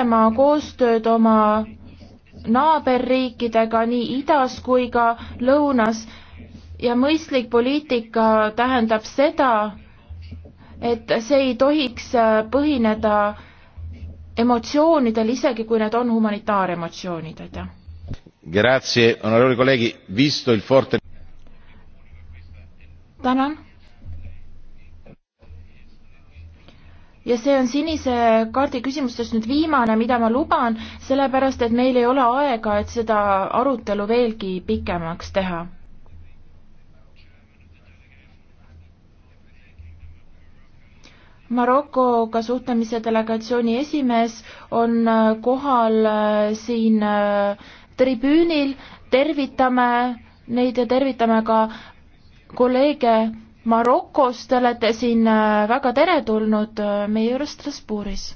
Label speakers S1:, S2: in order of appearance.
S1: tegema koostööd oma naaberriikidega nii idas kui ka lõunas ja mõistlik poliitika tähendab seda, et see ei tohiks põhineda emotsioonidel, isegi kui need on humanitaaremotsioonid, aitäh. tänan ja see on sinise kaardi küsimustest nüüd viimane, mida ma luban, sellepärast et meil ei ole aega, et seda arutelu veelgi pikemaks teha. Marokoga suhtlemise delegatsiooni esimees on äh, kohal äh, siin äh, tribüünil, tervitame neid ja tervitame ka kolleege Marokost olete siin äh, väga teretulnud äh, meie juures Strasbourgis